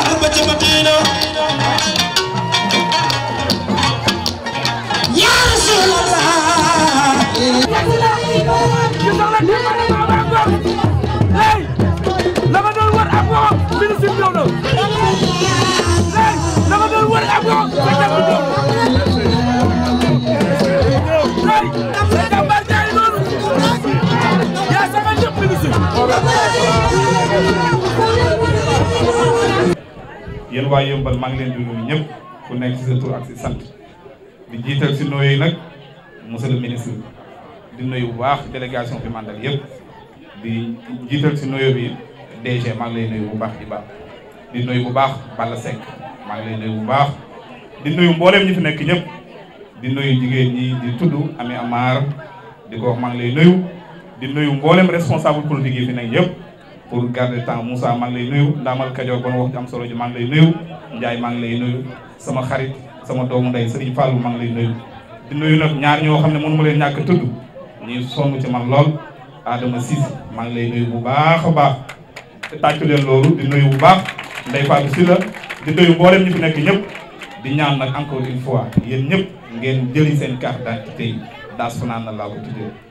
حربة مدينة yéen waa yëmbal maa ngi leen di nuyu ñëpp ku nekk si sa ak si sant di jiital ci nooyu nag monsieur le ministre di nuyu bu baax délégation bi mandal yëpp di jiital ci nooyu bi DG maa ngi lay nuyu bu baax di baax di nuyu bu baax Balla Seck maa ngi lay nuyu bu baax di nuyu mbooleem ñi fi nekk ñëpp di nuyu jigéen ñi di tudd Ami Amar di ko wax lay nuyu di nuyu mbooleem responsable politique yi fi nekk yëpp pour garder temps Moussa maa ngi lay nuyu Ndaamal Kajoor bon wax ju am solo ji maa ngi lay nuyu Ndiaye maa ngi lay nuyu sama xarit sama doomu ndey Serigne Fallou maa ngi lay nuyu di nuyu nag ñaar ñoo xam ne mënu ma leen ñàkk tudd ñuy sonn ci man lool Adama Cissé maa ngi lay nuyu bu baax a baax te tàccu leen loolu di nuyu bu baax Ndeye Fatou Sylla di nuyu mboolem ñu fi nekk ñëpp di ñaan nag encore une fois yéen ñëpp ngeen jëli seen carte d'identité yi daas fanaan na laa ko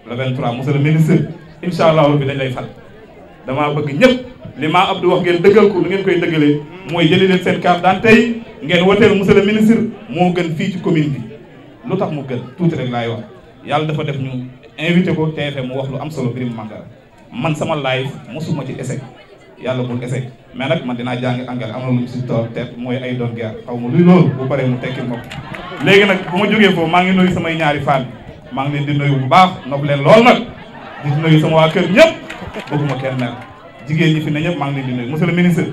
le 23 monsieur le ministre incha bi dañ lay fal damaa bëgg ñëpp li maa Abdou wax ngeen dëggal ko lu ngeen koy dëggalee mooy jëli leen seen carte daan tey ngeen woteel monsieur le ministre moo gën fii ci commune bi lu tax mu gën tuuti rek laay wax yàlla dafa def ñu invité ko TFM mu wax lu am solo Birima Mangara man sama laay mosuma ci échec yàlla bul échec mais nag man dinaa jàng anglais am na lu mu si toog te mooy ay doon guerre xaw ma luy loolu bu paree mu tekki ma léegi nag bu ma jógee foofu maa ngi nuyu samay ñaari fan maa ngi leen di bu baax nopp leen lool nag di sama waa kër bëgguma kenn mel jigéen ñi fi ne ñëpp maa ngi leen di nuyu monsieur le ministre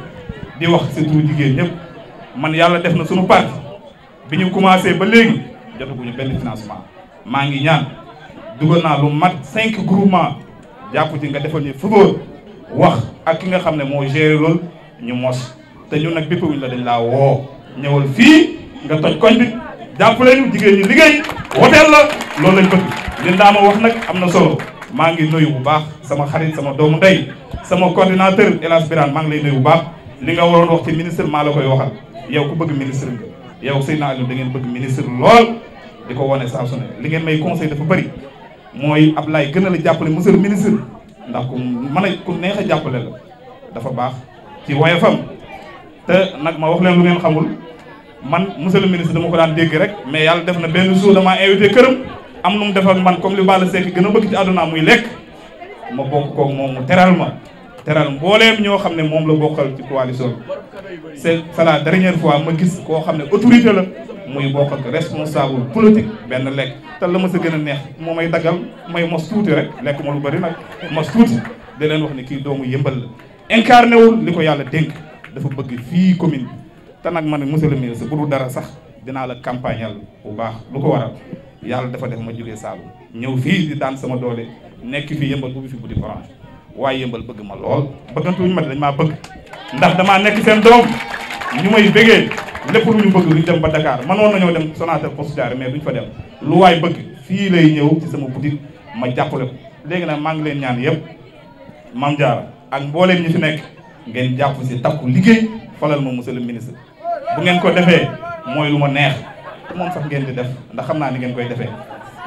di wax surtout jigéen ñëpp man yàlla def na suñu parti bi ñu commencé ba léegi jotaguñu benn financement maa ngi ñaan dugal naa lu mat cinq groupement jàpp ci nga defal ñu football wax ak ki nga xam ne moo géré loolu ñu mos te ñun nag bépp wuñ la dañ laa woo ñëwal fii nga toj koñ bi jàppale ñu jigéen ñi liggéey woteel la loolu lañ bëgg li Ndama wax nag am na solo maa ngi nuyu bu baax sama xarit sama doomu ndey sama coordinateur El Hadj Birane maa ngi lay nuyu bu baax li nga waroon wax ci ministre maa la koy waxal yow ku bëgg ministre nga yow naa Aliou da ngeen bëgg ministre lool di ko wane saa su li ngeen may conseil dafa bëri mooy Ablaye gën a jàppale monsieur ministre ndax ku mën a neex a la dafa baax ci woye woyofam te nag ma wax leen lu ngeen xamul man monsieur le ministre dama ko daan dégg rek mais yàlla def na benn jour damaa invité këram am nu mu def man comme li Balla Seck gën a bëgg ci àdduna muy lekk ma bokk kook moom mu teral ma teral mbooleem ñoo xam ne moom la bokkal ci coalition bi c'est la dernière fois ma gis koo xam ne autorité la muy bokk ak responsable politique benn lekk te la ma sa gën a neex moom may daggal may ma suuti rek lekk ma lu bari nag mos tuuti da leen wax ne kii doomu yëmbal la incarné wul li ko yàlla dénk dafa bëgg fii commune bi te nag man monsieur le ministre bu dul dara sax dinaa la campagnal bu baax lu ko waral yàlla dafa def ma jugee saabu ñëw fii di daan sama doole nekk fii yëmbal ubbi fi bu di orange waaye yëmbal bëgg ma lool bëggantuñu ma dañ maa bëgg ndax damaa nekk seen doom ñu may bëggee lépp lu dem ba Dakar mënoon nañoo dem Sonatel Poste Diané mais duñ fa dem lu waay bëgg fii lay ñëw ci sama ma jàppale ko léegi nag maa ngi leen ñaan yëpp Mame Diarra ak mbooleem ñi fi nekk ngeen jàpp si takku liggéey falal ma monsieur le ministre bu ngeen ko defee mooy lu ma neex moom sax ngeen di def ndax xam naa ni ngeen koy defee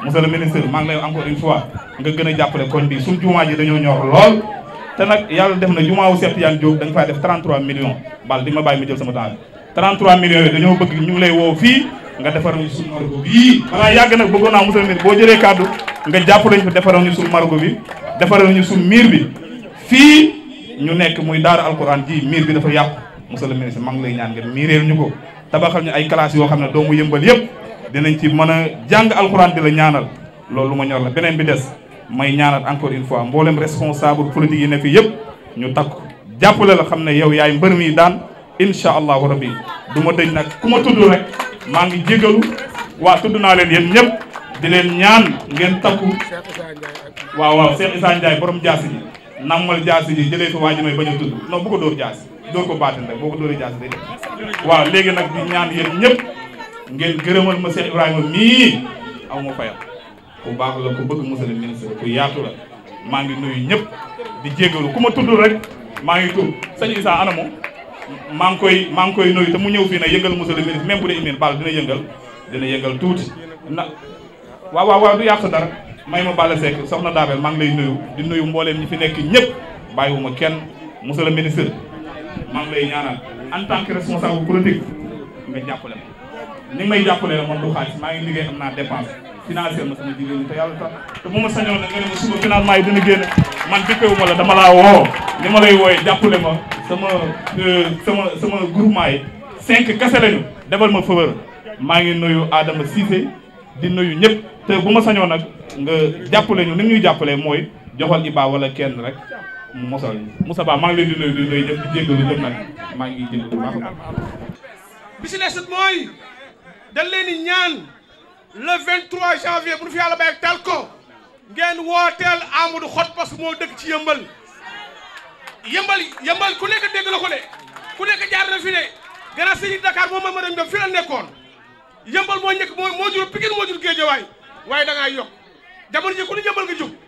monsieur le ministre maa ngi lay encore une fois nga gën a jàppale koñ bi suñ jumaa ji dañoo ñor lool te nag yàlla def na jumaa wu Cheikh Tidiane Diop da nga faa def 33 millions bal di ma bàyyi ma jël sama temps bi 33 millions yi dañoo bëgg ñu ngi lay woo fii nga defaral ñu suñu marago bi yii xanaa yàgg nag bëggoon naa monsieur le ministre boo jëlee kàddu nga jàppale ñu defaral marago bi defaral ñu suñu miir bi fii ñu nekk muy daara alquran ji miir bi dafa yàqu monsieur le ministre maa ngi lay ñaan ngeen miireel ñu ko tabaxal ñu ay classes yoo xam ne doo mu yëmbal yëpp dinañ ci mën a jàng alxuraan di la ñaanal loolu lu ma ñor la beneen bi des may ñaanal encore une fois mboolem responsable politique yi ne fi yëpp ñu takk jàppale la xam ne yow yaay mbër mii daan incha allahu rabbi du ma dëñ nag ku ma tudd rek maa ngi jégalu waa tudd naa leen yéen ñëpp di leen ñaan ngeen takku waaw waaw Cheikh Issa Ndiaye borom jaasi ji nammal jaasi ji jëlee fi waa ji may bañ a tudd non bu ko dóor jaasi dóor ko baatal nag boo ko dóoree jaas day waaw léegi nag di ñaan yéen ñëpp ngeen gërëmal ma Cheikh Ibrahima mii aw ma fayal ku baax la ku bëgg monsieur le ministre ku yaatu la maa ngi nuyu ñëpp di jégalu ku ma tuddul rek maa ngi tudd sëñ Issa ana moom maa ngi koy maa ngi koy nuyu te mu ñëw fii ne yëngal monsieur le ministre même bu dee imin bal dina yëngal dina yëngal tuuti na waaw waaw waaw du yàq dara may ma Balla Seck soxna Daabel maa ngi lay nuyu di nuyu mbooleem ñi fi nekk ñëpp bàyyiwuma kenn monsieur le ministre maa ngi lay ñaanal en tant que responsable politique nga jàppale ma ni nga may jàppalee la man du xaalis maa ngi liggéey am naa dépense financière ma sama jigéen ñi te yàlla tax te bu ma sañoo na nga ne ma man dëkkewu ma la dama laa woo ni ma lay wooye jàppale ma sama euh, sama sama groupement yi cinq kese defal ma faveur maa ngi nuyu Adama Cissé di nuyu ñëpp te bu ma sañoon nag nga jàppale ñu ni ñuy jàppale mooy joxal Iba wala kenn rek mosal Moussa Ba maa ngi leen di maa ngi jënd bu bi si des mooy dañ leen di ñaan le 23 janvier bu nu fi yàlla bàyyi tal ko wooteel Amadou Hott parce que moo dëkk ci yëmbal yëmbal yëmbal ku nekk dégg la ko de ku nekk jaar na fi de gannaaw sëñ Dakar moom ma dem fi la nekkoon yëmbal moo njëkk moo moo jur Pikine moo jur Géejawaay waaye da ngaa yokk jamono ji ku ne yëmbal nga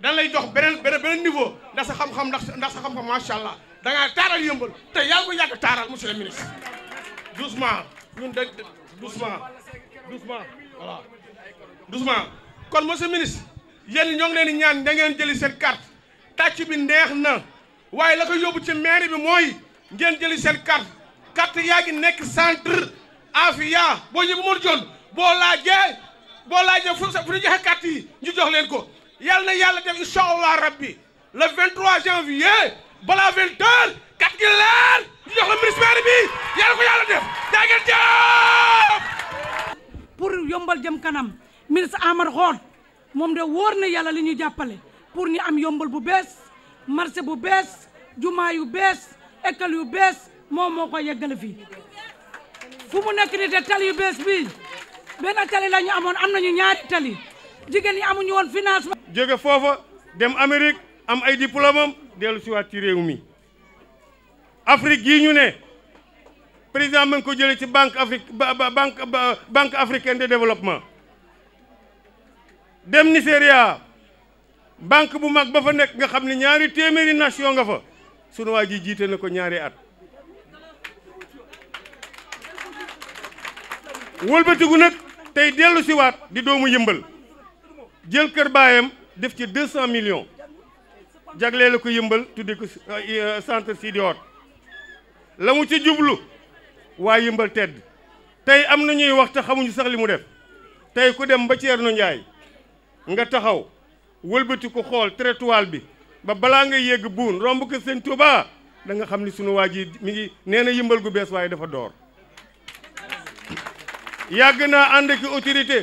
dañ lay jox beneen beneen beneen niveau ndax sa xam-xam ndax ndax sa xam-xam macha allah da taaral yëmbal te yàlla ko yàgg taaral monsieur le ministre doucement ñun de doucement doucement voilà doucement kon monsieur ñoo ngi leen di ñaan da ngeen jëli seen carte tàcc bi neex na waaye la ko yóbbu ci mairie bi mooy ngeen jëli seen carte carte yaa ngi nekk centre Afia boo ñëwee ba mu woon boo laajee boo laajee fu fu ñu joxe carte yi ñu leen ko. yàlla na yàlla def incha allah rabbi le 23 janvier balaa 20 heures kat gi leer ñu jox la ministère bi yàlla ko yàlla def yaa ngeen pour yombal jëm kanam ministre Amar Xoot moom de wóor na yàlla li ñuy jàppale pour ñu am yombal bu bees marché bu bees jumaa yu bees école yu bees moom moo ko yeggale fii fu mu nekk nii te tali yu bees bii benn tali la amoon am nañu ñaari tali jigéen ñi amuñu woon financement. jóge foofa dem Amérique am ay diplôme dellu siwaat ci réew mi Afrique gii ñu ne président ma ngi ko jëlee ci banque Afrique banque banque africaine de développement dem Nigeria banque bu mag ba fa nekk nga xam ne ñaari téeméeri nation nga fa sunu waa ji jiite ne ko ñaari at wëlbatigu nag tey dellu siwaat di doomu yëmbal jël kër baayam def ci deux cent millions jaglee la ko yëmbal tudde ko sant euh, Sidi Hott la mu ci jublu waa yëmbal tedd tey am na ñuy wax te xamuñu sax li mu def tey ku dem ba Thierno Ndiaye nga taxaw wëlbati ko xool trottoir bi ba balaa nga yegg buun romb ko sëñ Touba da xam ni sunu waa ji mi ngi nee na yëmbal gu bees waaye dafa door yàgg naa ànd ki autorité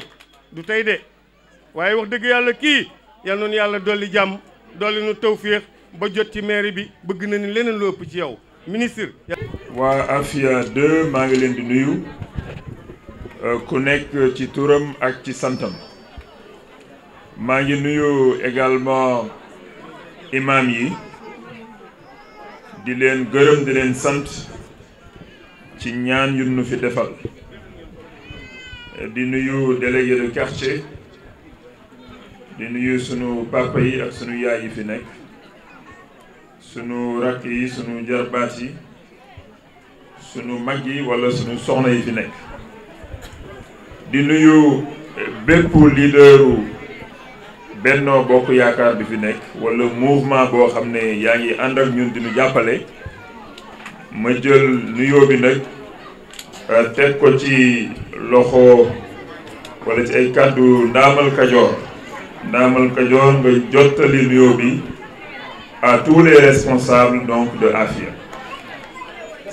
du tey de waaye wax dëgg yàlla kii yal na nu yàlla dolli jàmm dolli nu tawféex ba jot ci mairie bi bëgg na ni leneen lu ëpp ci yow ministre. waa Afia 2 maa ngi leen di nuyu euh, ku nekk ci turam ak ci santam maa ngi nuyu également imam yi di leen gërëm di leen sant ci ñaan yu nu fi defal di nuyu délégué de quartier. di nuyu sunu papa yi ak sunu yaay yi fi nekk sunu rakk yi sunu jarbaat yi sunu mag yi walla sunu soxna yi fi nekk di nuyu bépp leaderu Benno Bokk Yaakaar bi fi nekk wala mouvement boo xam ne yaa ngi ànd ak ñun di jàppale ma jël nuyoo bi nag euh, teg ko ci loxo wala ci ay kàddu ndaamal Kajoor Ndamal Kajoor nga jottali nuyoo bi à tous les responsables donc de AFIA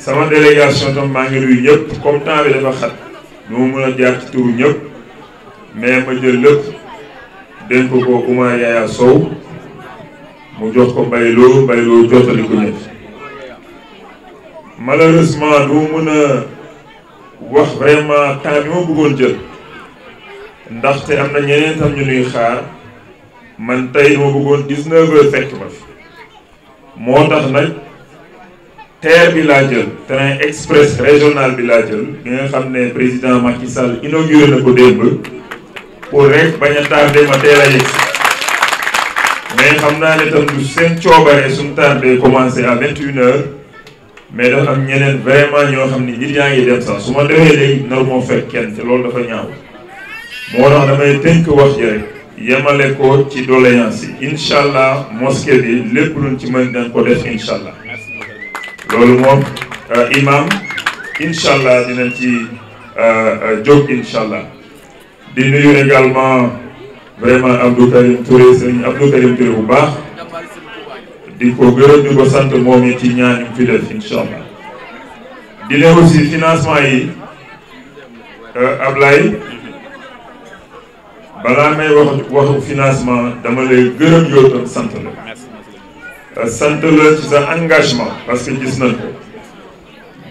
sama délégation tam maa ngi nuyu ñëpp comme temps bi dafa xat nu mu mën a jaar ci turu mais ma jël lépp dénk ko Oumar Yaya Sow mu jox ko Mbayloo Mbayloo jottali ko ñëpp malheureusement nu mu mën a wax vraiment temps bi ma bëggoon jël ndaxte am na ñeneen tam ñu nuy xaar. man tey dama bëggoon 19 heures fekk ma moo tax nag TER bi laa jël train express régional bi laa jël bi nga xam ne président Macky Sall inauguré na ko démb pour rek bañ a tardé ma teel a yegg mais xam naa ne tam du seen coobare suñu tardé commencé à 21 heures mais dafa am ñeneen vraiment ñoo xam ne nit yaa ngi dem sax su ma demee léegi nar moo fekk kenn te loolu dafa ñaaw moo tax damay tënk wax ji rek. yemale ko ci doléance yi incha allah mosquée bi lépp luñ ci mën dañ ko def incha allah loolu moom euh, imam incha allah dinañ ci euh, euh, jóg incha allah également vraiment Abdou Karim Touré sëriñ Abdou bu baax di ko gërëm di ko sant moom it ci ñaan yu fi def incha allah di ne financement yi Ablaye. balaa may wax waxu financement dama lay gërëm yow sant la euh, sant la ci sa engagement parce que gis nañ ko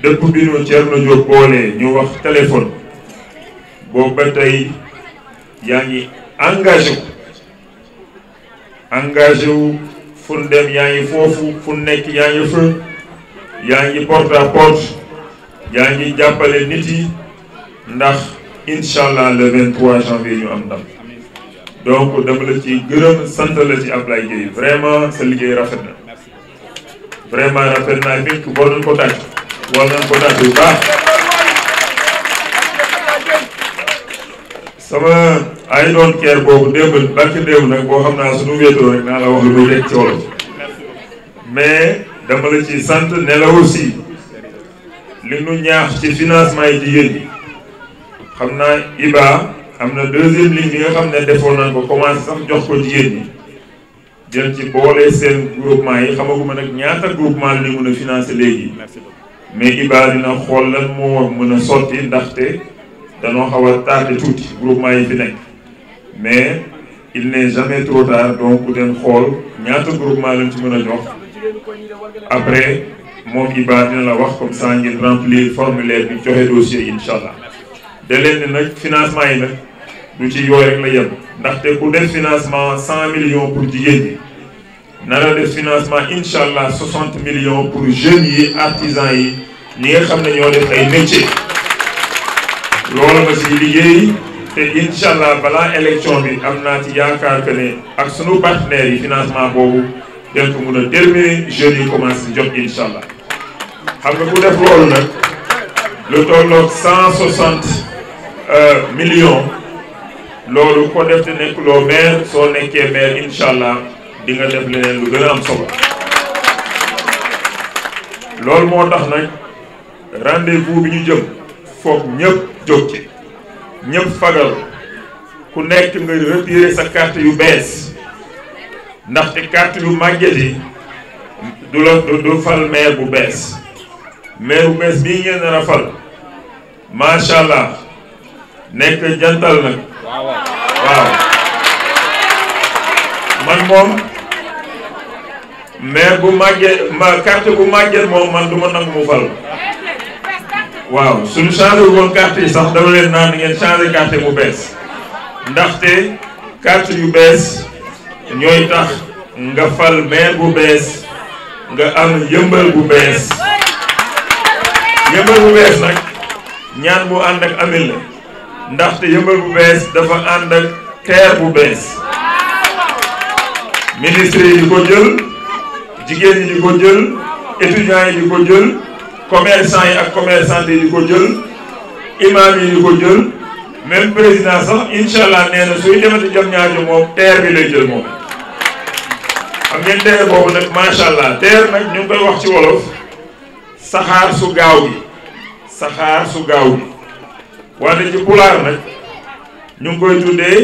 dëpp bi nu Thierno Diop boolee ñu wax téléphone boobu tey yaa ngi engagé wu engagé wu fu nu dem yaa nekk yaa ngi fa yaa ngi porte à yaa ngi jàppale nit yi ndax incha allah janvier ñu am ndam donc dama la ci gërëm sant la ci Ablaye Gueye vraiment sa liggéey rafet na vraiment rafet na ay bépp war nañ ko tàcc war nañ ko tàcc bu baax sama ay doon keer boobu démb barki démb nag boo xam naa suñu wéetoo rek naa la wax lu muy rek ci mais dama la ci sant ne la aussi li nu ñaax ci financement yi jigéen ñi xam naa IBA am na deuxième ligne bi nga xam ne defoon nañ ko commencé sax jox ko jigéen ñi jël ci boole seen groupement yi xamaguma nag ñaata groupement li mun a financer léegi mais Iba dina xool lan moo mën a sotti ndaxte danoo xaw a tardé tuuti groupement yi fi mais il n'est jamais trop tard donc den xool ñaata groupement lañ ci mën a jox après moom Iba dina la wax comme ça ngeen remplir formulaire bi joxe dossier yi incha allah nag financement yi nag. du ci yooy rek la yem ndaxte ku def financement cent millions pour jigéen ñi nara def financement incha allah soixante millions pour jeunes yi yi ñi nga xam ne ñoo def ay métiers loolu nga ci liggéey te incha balaa élection bi am naa ci yaakaar que ne ak sunu partenaires yi financement boobu dañ ko mun a terminer jeunes yi commencé jot incha xam nga ku def loolu nag lu tolloog euh, millions. loolu ko def te nekkuloo maire soo nekkee maire incha allah def leneen lu gën a am solo loolu moo tax nag rendez-vous bi ñu jëm foog ñëpp jóg ci fagal ku nekk nga retirer sa carte yu bees ndaxte carte yu màgget yi du la du fal maire bu bees maire bu bees bii ngeen nar fal macha allah nekk jantal nag. waaw man moom maire bu màggee ma carte bu màggee moom man du ma mu fal waaw suñu changé wu woon yi sax dama leen naan ngeen changé carte bu bees ndaxte carte yu bees ñooy tax nga fal maire bu bees nga am yëmbal bu bees yëmbal bu bees nag ñaan bu ànd ak amil la ndaxte yëmbal bu bees dafa ànd ak terre bu bees ministre yi di ko jël jigéen ñi di ko jël étudiants yi di ko jël commerçant yi ak commerçante yi di ko jël imam yi di ko jël même président sax incha allah suy demati jam ñaajo moom terre bi lay jël moom xam ngeen terre boobu nag macha allah terre nag ñu ngi koy wax ci wolof saxaar su gaaw gi saxaar su gaaw gi wante ci pulaar nag ñu ngi koy tuddee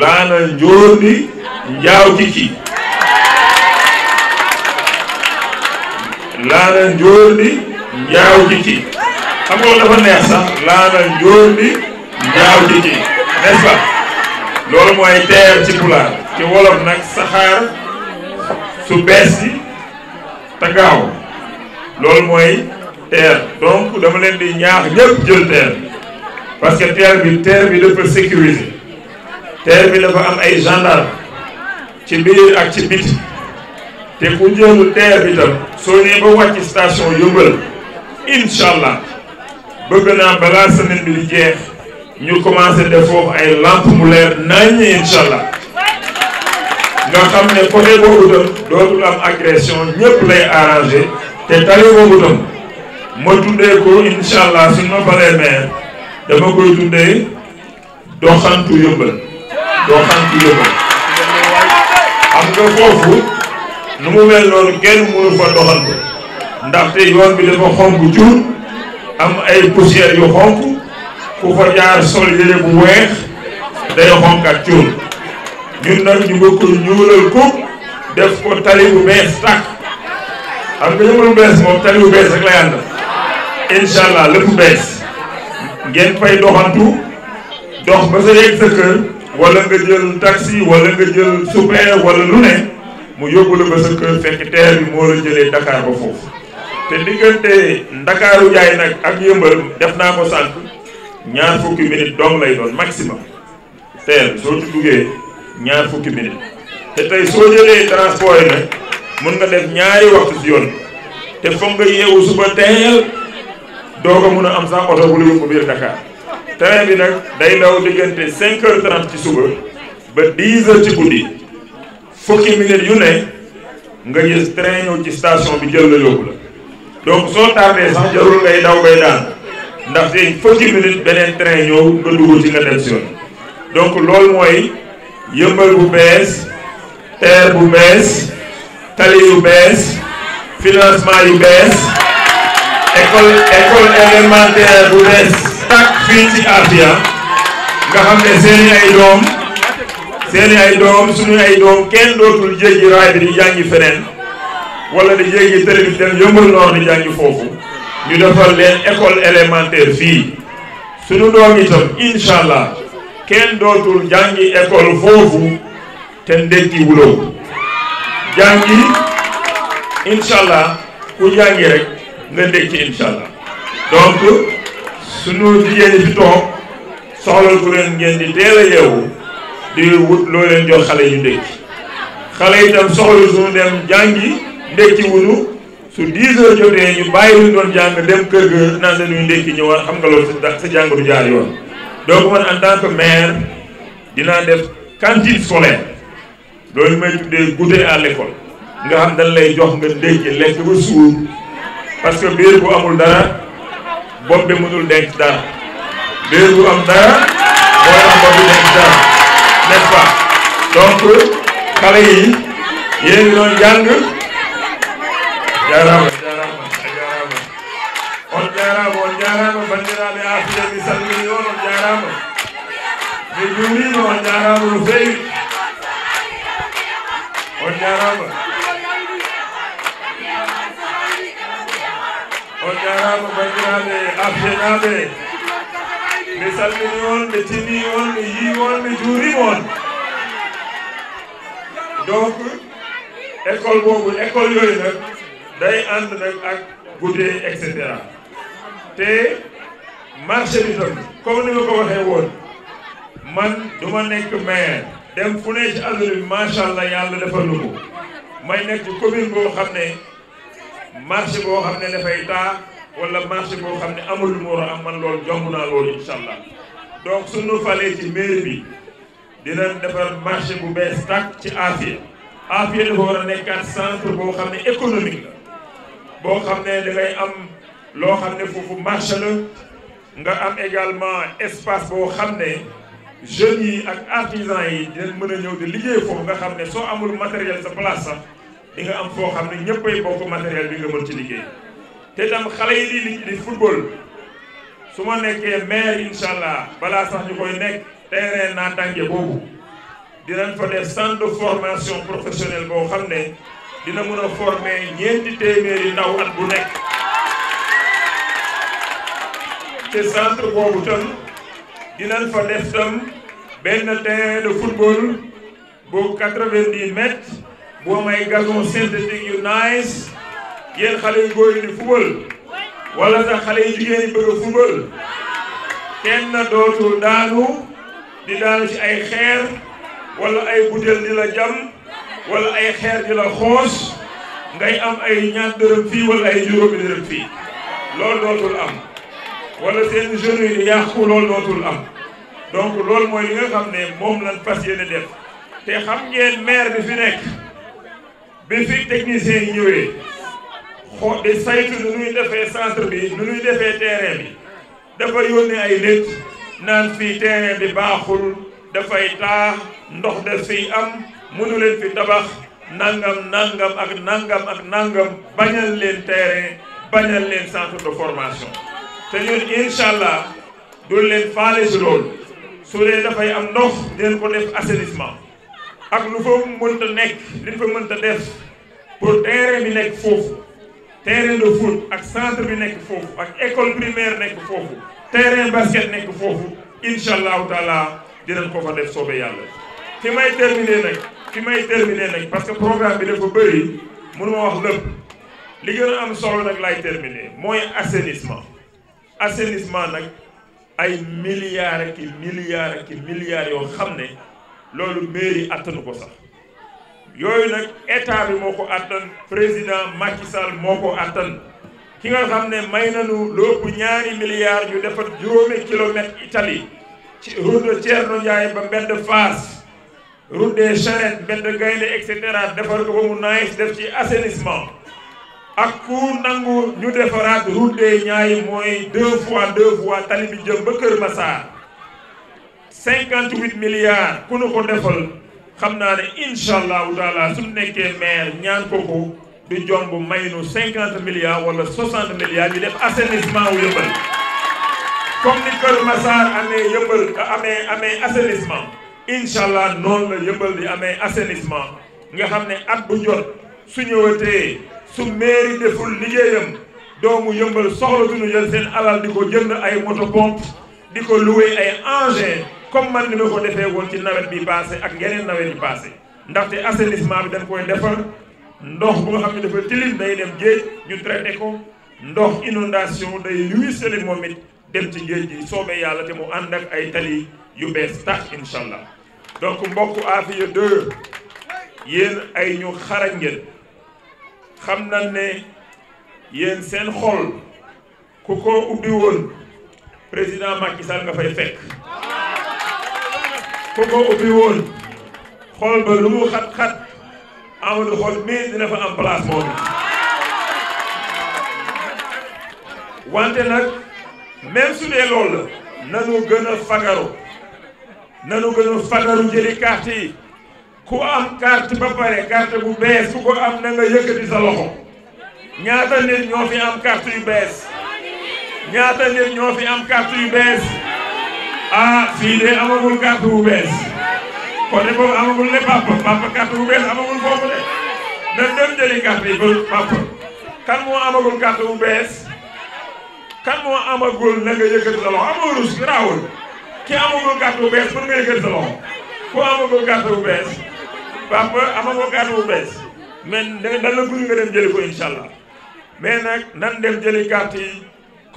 laana njóor ni njaaw kiki laana njóor ni njaaw kiki xam nga dafa neex sax laana njóor ni njaaw kiki n'est-ce pas loolu mooy teer ci pulaar ci wolof nag saxaar su bees yi te gaaw mooy teer donc dama leen di ñaax ñëpp jël teer parce que terre bi terre bi dafa sécuriser terre bi dafa am ay gendarme ci biir ak ci biti te ku jëlu terre bi tam soo nee ba wàcc station yëmbal incha bëgg naa balaa semaine jeex ñu commencé def ay lampe mu leer naññee incha nga xam ne côté boobu tam dootul am agression ñëpp lay arrangé te tali boobu tam ma tuddee ko incha allah suñu ma dama koy tuddee doxantu yëmbal doxantu yëmbal am nga foofu nu mu mel loolu kenn mënu fa doxantu ndaxte yoon bi dafa xonk cuur am ay poussière yu xonk ku fa jaar sol yére bu weex day xonkat cuur ñun nag ñu bëgg ko ñuulal ko def ko tali bu bees tàkk am nga yëngu lu moom tali bu bees rek la yàlla incha allah lépp ngeen fay doxantu dox ba sa yegg sa kër wala nga jël taxi wala nga jël super wala lu ne mu yóbbu la ba sa kër fekk teer bi moo la jëlee Dakar ba foofu. te diggante ndakaaru yaay nag ak yëmbal def naa ko sànq ñaar fukki minute dong lay doon maximum teer soo ci ñaar fukki minute te tey soo jëlee transport yi nag mun nga def ñaari waxtu ci yoon te foog nga yeewu suba teel. doo ko mun a am sax oto bu la yóbbu biir Dakar train bi nag day daw diggante 5 ci suba ba 10 ci guddi yu ne nga gis train ñëw ci station bi jël la yóbbu la donc soo tardé sax jarul ngay daw ngay daan ndaxte fukki minute beneen train ñëw nga dugg ci nga dem si yoon donc lool mooy yëmbal bu bees terre bu bees tali yu bees financement yu bees école école élémentaire bu bees tàkk fii ci Afia nga xam seeni ay doom seeni ay doom suñu ay doom kenn dootul jéggi raay di jàngi feneen wala di jéggi télé bi dem di jàngi foofu ñu defal leen école élémentaire fii suñu doom itam incha kenn dootul jàngi école foofu te ndekki wuloo jàngi incha allah ku rek. nga ndékki incha allah donc sunu jigéen ñi fi toog soxla ku leen ngeen di teel yeewu di wut loo leen jox xale yu ndékki xale itam soxla suñu dem jàngi ndékki wunu su 10 heures jotee ñu bàyyi lu doon jàng dem kër ga naan dañuy ndékki ñëwaat xam nga loolu sa sa jàng du jaar yoon. donc man en tant que maire dinaa def cantine scolaire loolu may tuddee goûter à l'école nga xam dañ lay jox nga ndékki lekk ba suur. parce que biir amul dara bopp bi mënul denc dara biir bu am dara mooy am bopp bi denc dara n'est-ce pas donc xale yi yéen ngi doon jàng jaaraama jaaraama jaaraama on jaaraama on jaaraama bandiraɓe afide mi salmini on on jaaraama mi jumima on jaaraama on jaaraama jarama bandiraɓe afdenaɓe mi boobu école yooyu nag day ànd nag ak goûter et te marché bi tam comme ni ma ko waxee woon man du ma nekk maire dem fu ne ci àll bi macha yàlla dafa lumu may nekk ci boo xam ne marché boo xam ne dafay taa wala marché boo xam ne amul lu mu war a am man loolu jomb naa loolu incha allah donc suñu falee ci mairie bi dina defar marché bu bees tàkk ci Afia Afia dafa war a nekkaat centre boo xam ne économique la boo xam ne dangay am loo xam ne foofu marché la nga am également espace boo xam ne jeunes yi ak artisans yi dinañ mën a ñëw di liggéey foofu nga xam ne soo amul matériel sa place sax di nga am foo xam ne ñëppay bokk matériel bi nga mën ci liggéey te itam xale yi di di football su ma nekkee maire incha allah balaa sax ñu koy nekk terrain naataange boobu dinañ fa def centre de formation boo xam ne dina mën a former ñeenti téeméeri ndaw at bu nekk te centre boobu tam dinañ fa def tam benn terrain de football bu 90 mètres bu am yu nice yéen xale yu góor yi di fubal wala sax xale yu jigéen yi bëgg a fubal kenn dootul daanu di daanu ci ay xeer wala ay butéel di la jam wala ay xeer di la xoos ngay am ay ñaar dërëm fii wala ay juróomi dërëm fii loolu dootul am wala seen jeunes di yàqu loolu dootul am donc loolu mooy li nga xam ne moom lañ fas yéene def te xam ngeen maire bi fi nekk bi fi technicien yi xoo di saytu nu ñuy defee centre bi nu ñuy defee terrain bi dafa yónnee ay nit naan fii terrain bi baaxul dafay taa ndox def fiy am mënu leen fi tabax nangam nangam ak nangam ak nangam bañal leen terrain bañal leen centre de formation te ñun incha allah du leen faale si loolu su dee dafay am ndox dinañ ko def assainissement ak lu fa mënta nekk liñ fa mënta def pour terrain bi nekk foofu terrain de foot ak centre bi nekk foofu ak école primaire nekk foofu terrain basket nekk foofu incha allahu taala dinañ ko fa def soobe yàlla fi may terminer nag fi may terminer nag parce que programme bi dafa bëri mënuma wax lépp li am solo nag laay terminer mooy assainissement assainissement nag ay milliards ak i milliards ak i milliards yoo xam ne loolu mairie attanu ko sax yooyu nag état bi moo ko attan président Macky Sall moo ko attan ki nga xam ne may nañu lu ëpp ñaari milliards ñu defar juróomi kilomètre Italie ci route Thierno Ndiaye ba mbedd Fass route des Charrettes mbedd Gaynde et defar ko ba mu naaj def ci assainissement ak ku nangu ñu defaraat route des mooy deux fois deux fois tali jëm ba Kër Massar cinquante huit milliards ku nu ko defal. xam naa ne incha allahu taala su nekkee maire ñaan ko ko du jomb may nu cinquante milliards wala soixante milliards ñu def assainissement wu yëmbal comme ni Kër Massar amee yëmbal amee amee assainissement incha allah noonu la yëmbal di amee assainissement nga xam ne at bu jot su ñëwatee su mairie deful liggéeyam doomu yëmbal soxla suñu jël seen alal di ko jënd ay moto pompe di ko loué ay engins. comme man ni ma ko defee woon ci nawet bi passé ak yeneen nawet ndax passé ndaxte assainissement bi dañ koy defar ndox bu nga xam ne dafa tilim day dem géej ñu traité ko ndox inondation day ruisseler moom it dem ci géej gi soobee yàlla te mu ànd ak ay tali yu bees tax incha allah donc mbokk Afia 2 yéen ay ñu xarañ ngeen xam na ne yéen seen xol ku ko ubbi woon président Macky nga fay fekk ku ko ubbi woon xool ba lu mu xat-xat Amadou xool mii dina fa am place moom wante nag même su dee nanu gën fagaru nanu gën fagaru jëli carte ku am carte ba pare carte bu ko am na nga yëkkati ñaata nit ñoo am carte yu ñaata nit ñoo am carte yu ah fii de amagul carte bu bees côté boobu amagul ne papa papa carte bu bees amagul foofu de dañ doon jëli carte yi kan moo amagul carte bu bees kan moo amagul na nga yëkkati sa loxo amagul rus raawul ki amagul carte bu bees pour nga yëkkati sa loxo ku amagul carte bu bees papa amagul carte bu bees mais nan la gudd nga dem jëli ko incha allah mais nag nan dem jëli carte yi.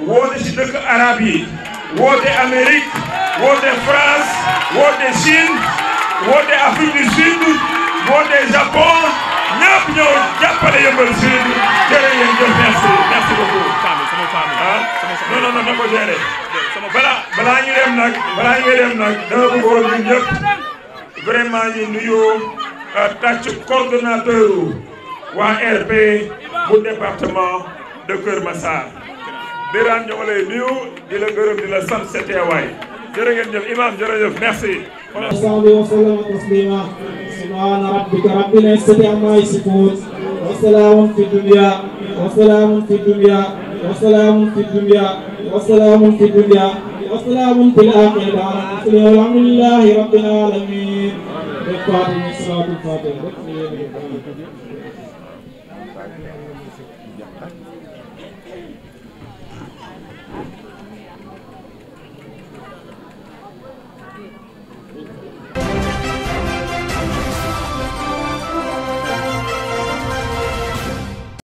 woote si dëkk arab yi woote Amérique woote France woote Chine woote Afrique du Sud woote Japon ñëpp ñëw jàppale yëmbal Sud jërë ngeen jëf merci merci beaucoup. ah non non na ko géré balaa balaa ñu dem nag balaa ñu dem nag dama bëggoon ñun ñëpp vraiment ñu nuyoo euh, tàcc coordonnateur waa RP bu département de Kër Birane ñoo ngi lay nuyu di la gërëm di la sant sa teewaay jërë ngeen jëf imam jërëjëf merci وصلي وسلم تسليما سبحان ربك رب العزة عما يصفون وسلام في الدنيا وسلام في الدنيا وسلام في الدنيا وسلام في الدنيا وسلام في الآخرة على المسلمين والحمد لله رب العالمين.